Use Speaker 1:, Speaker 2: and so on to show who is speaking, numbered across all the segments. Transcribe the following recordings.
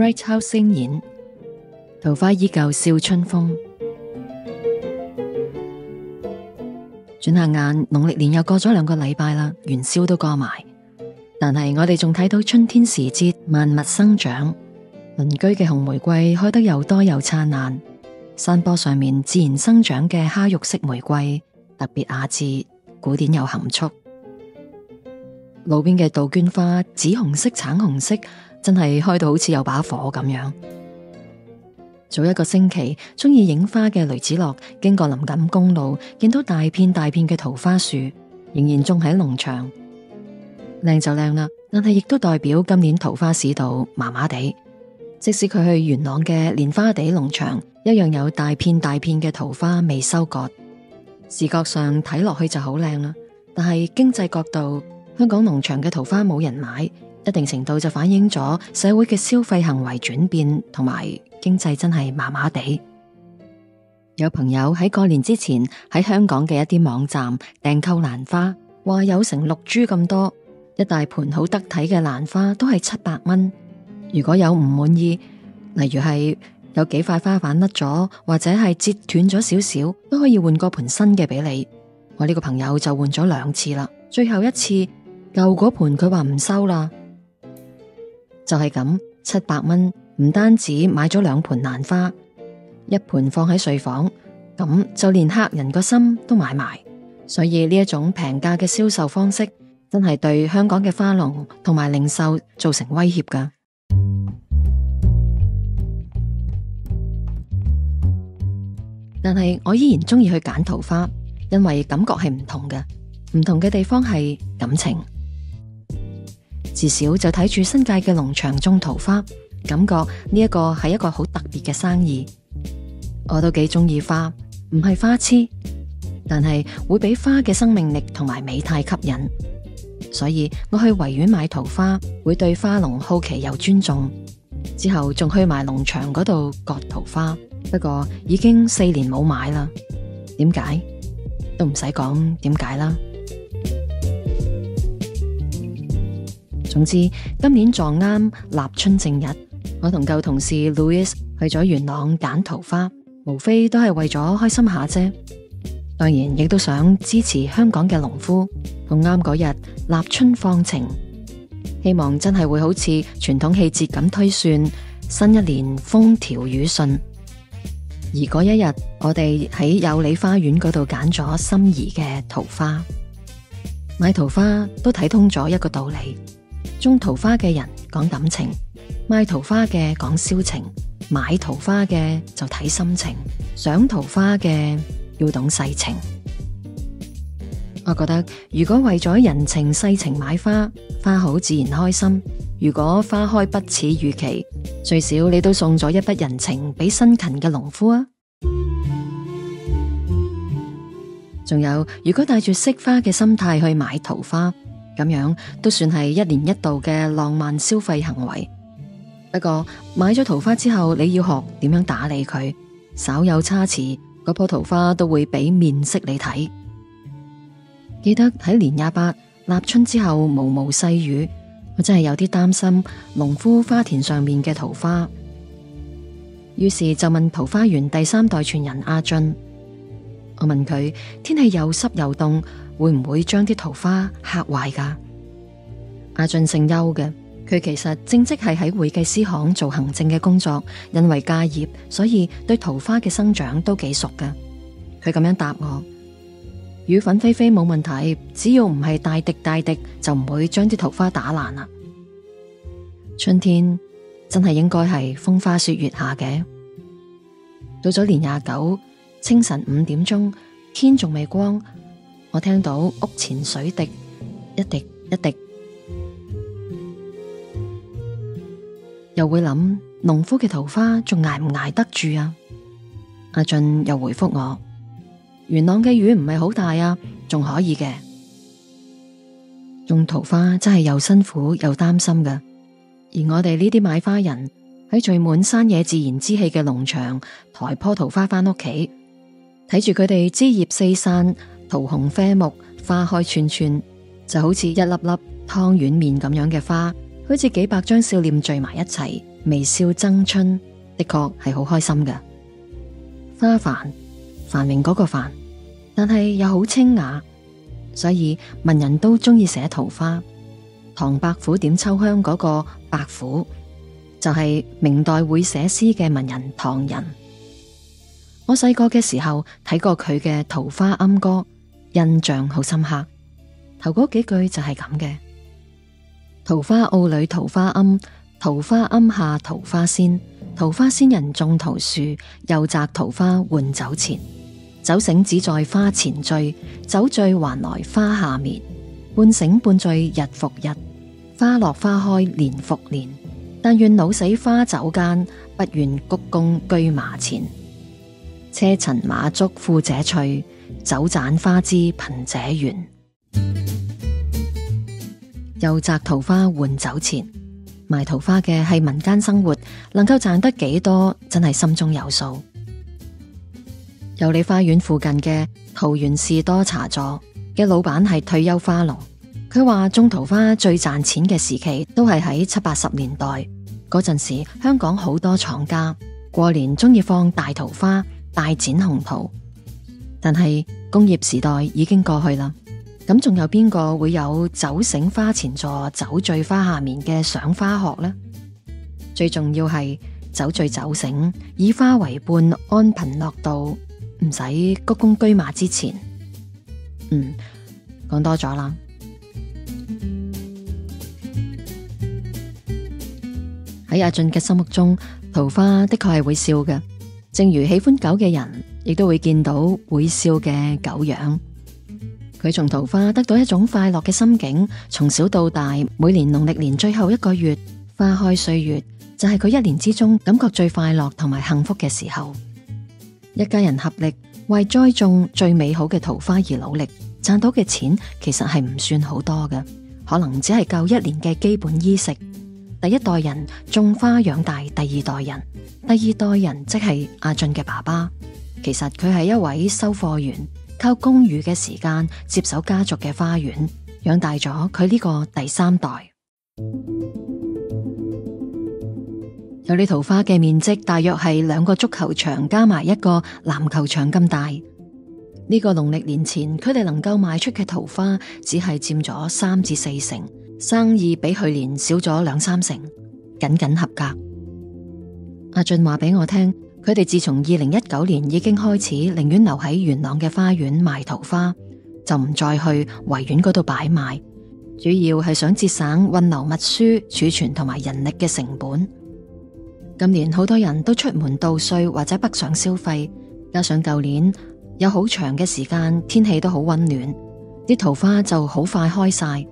Speaker 1: WriteHouse 聲演，桃花依舊笑春風。轉下眼，農曆年又過咗兩個禮拜啦，元宵都過埋，但係我哋仲睇到春天時節萬物生長。鄰居嘅紅玫瑰開得又多又燦爛，山坡上面自然生長嘅蝦肉色玫瑰特別雅致、古典又含蓄。路邊嘅杜鵑花，紫紅色、橙紅色。真係開到好似有把火咁樣。早一個星期，中意影花嘅雷子樂經過林錦公路，見到大片大片嘅桃花樹，仍然種喺農場，靚就靚啦。但係亦都代表今年桃花市道麻麻地。即使佢去元朗嘅蓮花地農場，一樣有大片大片嘅桃花未收割。視覺上睇落去就好靚啦，但係經濟角度，香港農場嘅桃花冇人買。一定程度就反映咗社會嘅消費行為轉變，同埋經濟真係麻麻地。有朋友喺過年之前喺香港嘅一啲網站訂購蘭花，話有成六株咁多，一大盆好得體嘅蘭花都係七百蚊。如果有唔滿意，例如係有幾塊花瓣甩咗，或者係折斷咗少少，都可以換個盆新嘅俾你。我呢個朋友就換咗兩次啦，最後一次，舊嗰盆佢話唔收啦。就係咁，七百蚊唔單止買咗兩盆蘭花，一盆放喺睡房，咁就連客人個心都買埋。所以呢一種平價嘅銷售方式真係對香港嘅花農同埋零售造成威脅噶。 但係我依然中意去揀桃花，因為感覺係唔同嘅，唔同嘅地方係感情。自小就睇住新界嘅農場種桃花，感覺呢一個係一個好特別嘅生意。我都幾中意花，唔係花痴，但係會俾花嘅生命力同埋美態吸引。所以我去維園買桃花，會對花農好奇又尊重。之後仲去埋農場嗰度割桃花，不過已經四年冇買啦。點解？都唔使講點解啦。總之，今年撞啱立春正日，我同舊同事 Louis 去咗元朗揀桃花，無非都係為咗開心下啫。當然，亦都想支持香港嘅農夫。咁啱嗰日立春放晴，希望真係會好似傳統氣節咁推算，新一年風調雨順。而嗰一日，我哋喺有利花園嗰度揀咗心儀嘅桃花。買桃花都睇通咗一個道理。種桃花嘅人講感情，賣桃花嘅講銷情，買桃花嘅就睇心情，賞桃花嘅要懂世情。我覺得如果為咗人情世情買花，花好自然開心。如果花開不似預期，最少你都送咗一筆人情俾辛勤嘅農夫啊！仲有，如果帶住惜花嘅心態去買桃花。咁樣都算係一年一度嘅浪漫消費行為。不過買咗桃花之後，你要學點樣打理佢，稍有差池，個棵桃花都會俾面色你睇。記得喺年廿八立春之後，毛毛細雨，我真係有啲擔心農夫花田上面嘅桃花。於是就問桃花園第三代傳人阿俊，我問佢：天氣又濕又凍。會唔會將啲桃花吓壞噶？阿俊姓邱嘅，佢其實正職係喺會計師行做行政嘅工作，因為家業，所以對桃花嘅生長都幾熟噶。佢咁樣答我：雨粉飛飛冇問題，只要唔係大滴大滴，就唔會將啲桃花打爛啦。春天真係應該係風花雪月下嘅。到咗年廿九，清晨五點鐘，天仲未光。我聽到屋前水滴一滴一滴，又會諗農夫嘅桃花仲挨唔挨得住啊？阿俊又回覆我：元朗嘅雨唔係好大啊，仲可以嘅。種桃花真係又辛苦又擔心嘅，而我哋呢啲買花人喺聚滿山野自然之氣嘅農場，抬棵桃花翻屋企，睇住佢哋枝葉四散。桃紅飛木，花開串串，就好似一粒粒湯圓面咁樣嘅花，好似幾百張笑臉聚埋一齊，微笑爭春，的確係好開心嘅。花繁，繁榮嗰個繁，但係又好清雅，所以文人都中意寫桃花。唐伯虎點秋香嗰個伯虎，就係、是、明代會寫詩嘅文人唐人。我細個嘅時候睇過佢嘅桃花庵歌。印象好深刻，頭嗰幾句就係咁嘅：桃花塢裏桃花庵，桃花庵下桃花仙，桃花仙人種桃樹，又摘桃花換酒錢。酒醒只在花前醉，酒醉還來花下眠。半醒半醉日復日，花落花開年復年。但願老死花酒間，不願鞠躬居馬前。車塵馬足富者趣。酒盞花枝貧者緣，又摘桃花換酒錢。賣桃花嘅係民間生活，能夠賺得幾多，真係心中有數。有利 花園附近嘅桃園士多茶座嘅老闆係退休花農，佢話種桃花最賺錢嘅時期都係喺七八十年代嗰陣時，香港好多廠家過年中意放大桃花，大展鴻圖。但係工業時代已經過去啦，咁仲有邊個會有酒醒花前坐、酒醉花下面嘅賞花客呢？最重要係酒醉酒醒，以花為伴，安貧樂道，唔使鞠躬居馬之前，嗯，講多咗啦。喺阿俊嘅心目中，桃花的確係會笑嘅，正如喜歡狗嘅人。亦都會見到會笑嘅狗樣。佢從桃花得到一種快樂嘅心境。從小到大，每年農曆年最後一個月，花開歲月就係、是、佢一年之中感覺最快樂同埋幸福嘅時候。一家人合力為栽種最美好嘅桃花而努力，賺到嘅錢其實係唔算好多嘅，可能只係夠一年嘅基本衣食。第一代人種花養大第二代人，第二代人即係阿俊嘅爸爸。其實佢係一位收貨員，靠工餘嘅時間接手家族嘅花園，養大咗佢呢個第三代。有啲桃花嘅面積大約係兩個足球場加埋一個籃球場咁大。呢個農曆年前，佢哋能夠賣出嘅桃花只係佔咗三至四成，生意比去年少咗兩三成，僅僅合格。阿俊話俾我聽。佢哋自從二零一九年已經開始寧願留喺元朗嘅花園賣桃花，就唔再去維園嗰度擺賣，主要係想節省運輸物流儲存同埋人力嘅成本。今年好多人都出門度歲或者北上消費，加上舊年有好長嘅時間天氣都好溫暖，啲桃花就好快開晒，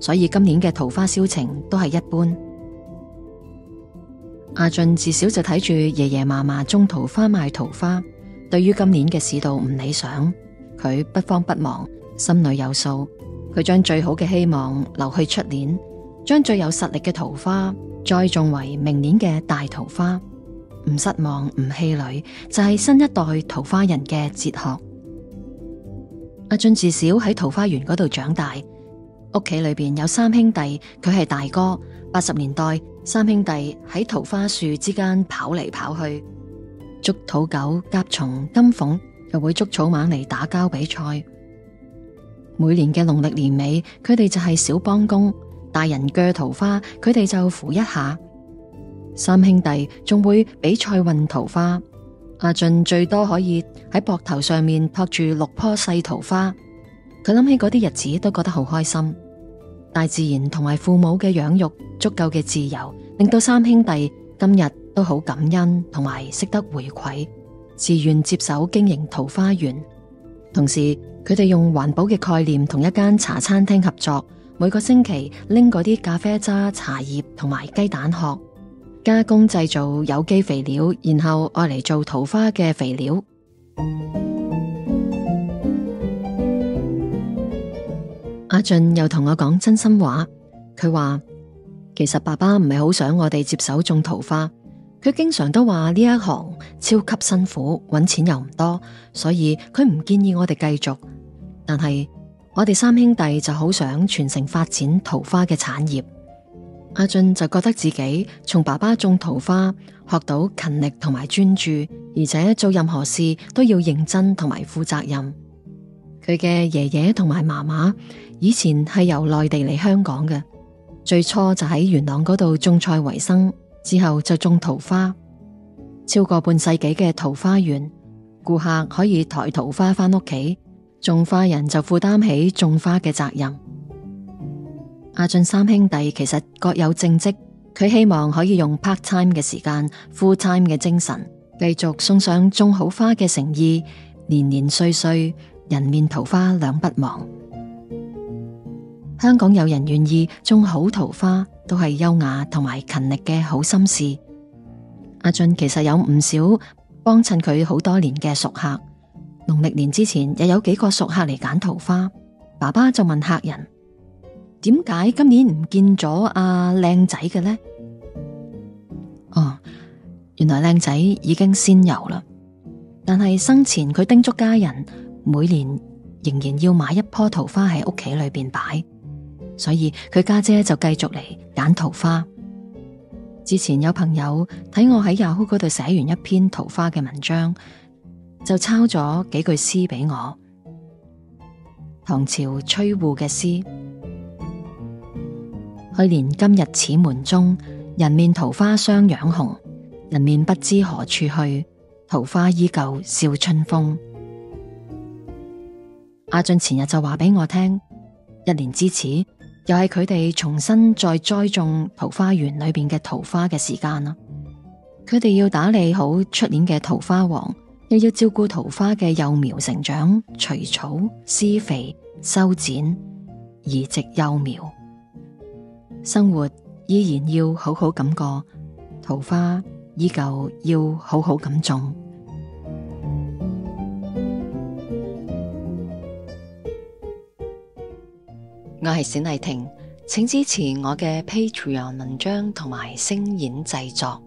Speaker 1: 所以今年嘅桃花銷情都係一般。阿俊自小就睇住爺爺嫲嫲種桃花賣桃花，對於今年嘅市道唔理想，佢不慌不忙，心裏有數。佢將最好嘅希望留去出年，將最有實力嘅桃花栽種為明年嘅大桃花，唔失望唔氣餒，就係新一代桃花人嘅哲學。阿俊自小喺桃花源嗰度長大，屋企裏邊有三兄弟，佢係大哥，八十年代。三兄弟喺桃花樹之間跑嚟跑去，捉土狗、甲蟲、金鳳，又會捉草蜢嚟打交比賽。每年嘅農曆年尾，佢哋就係小幫工，大人鋸桃花，佢哋就扶一下。三兄弟仲會比賽運桃花，阿俊最多可以喺膊頭上面托住六棵細桃花。佢諗起嗰啲日子，都覺得好開心。大自然同埋父母嘅養育足夠嘅自由，令到三兄弟今日都好感恩，同埋識得回饋，自願接手經營桃花園。同時，佢哋用環保嘅概念同一間茶餐廳合作，每個星期拎嗰啲咖啡渣、茶葉同埋雞蛋殼，加工製造有機肥料，然後愛嚟做桃花嘅肥料。阿俊又同我講真心話，佢話其實爸爸唔係好想我哋接手種桃花，佢經常都話呢一行超級辛苦，搵錢又唔多，所以佢唔建議我哋繼續。但係我哋三兄弟就好想傳承發展桃花嘅產業。阿俊就覺得自己從爸爸種桃花學到勤力同埋專注，而且做任何事都要認真同埋負責任。佢嘅爺爺同埋嫲嫲以前係由內地嚟香港嘅，最初就喺元朗嗰度種菜為生，之後就種桃花。超過半世紀嘅桃花園，顧客可以抬桃花返屋企，種花人就負擔起種花嘅責任。阿俊三兄弟其實各有正職，佢希望可以用 part time 嘅時間，full time 嘅精神，繼續送上種好花嘅誠意，年年歲歲。人面桃花兩不忘。香港有人願意種好桃花，都係優雅同埋勤力嘅好心事。阿俊其實有唔少幫襯佢好多年嘅熟客。農曆年之前又有幾個熟客嚟揀桃花，爸爸就問客人：「點解今年唔見咗阿靚仔嘅呢？」哦，原來靚仔已經仙遊啦。但係生前佢叮囑家人。每年仍然要買一棵桃花喺屋企裏邊擺，所以佢家姐就繼續嚟揀桃花。之前有朋友睇我喺 Yahoo 嗰度寫完一篇桃花嘅文章，就抄咗幾句詩俾我。唐朝崔護嘅詩：去年今日此門中，人面桃花相映紅。人面不知何處去，桃花依舊笑春風。阿、啊、俊前日就話俾我聽，一年之始，又係佢哋重新再栽種桃花園裏邊嘅桃花嘅時間啦。佢哋要打理好出年嘅桃花王，又要照顧桃花嘅幼苗成長，除草、施肥、修剪、移植幼苗。生活依然要好好咁過，桃花依舊要好好咁種。係冼麗婷，請支持我嘅 Patreon 文章同埋聲演製作。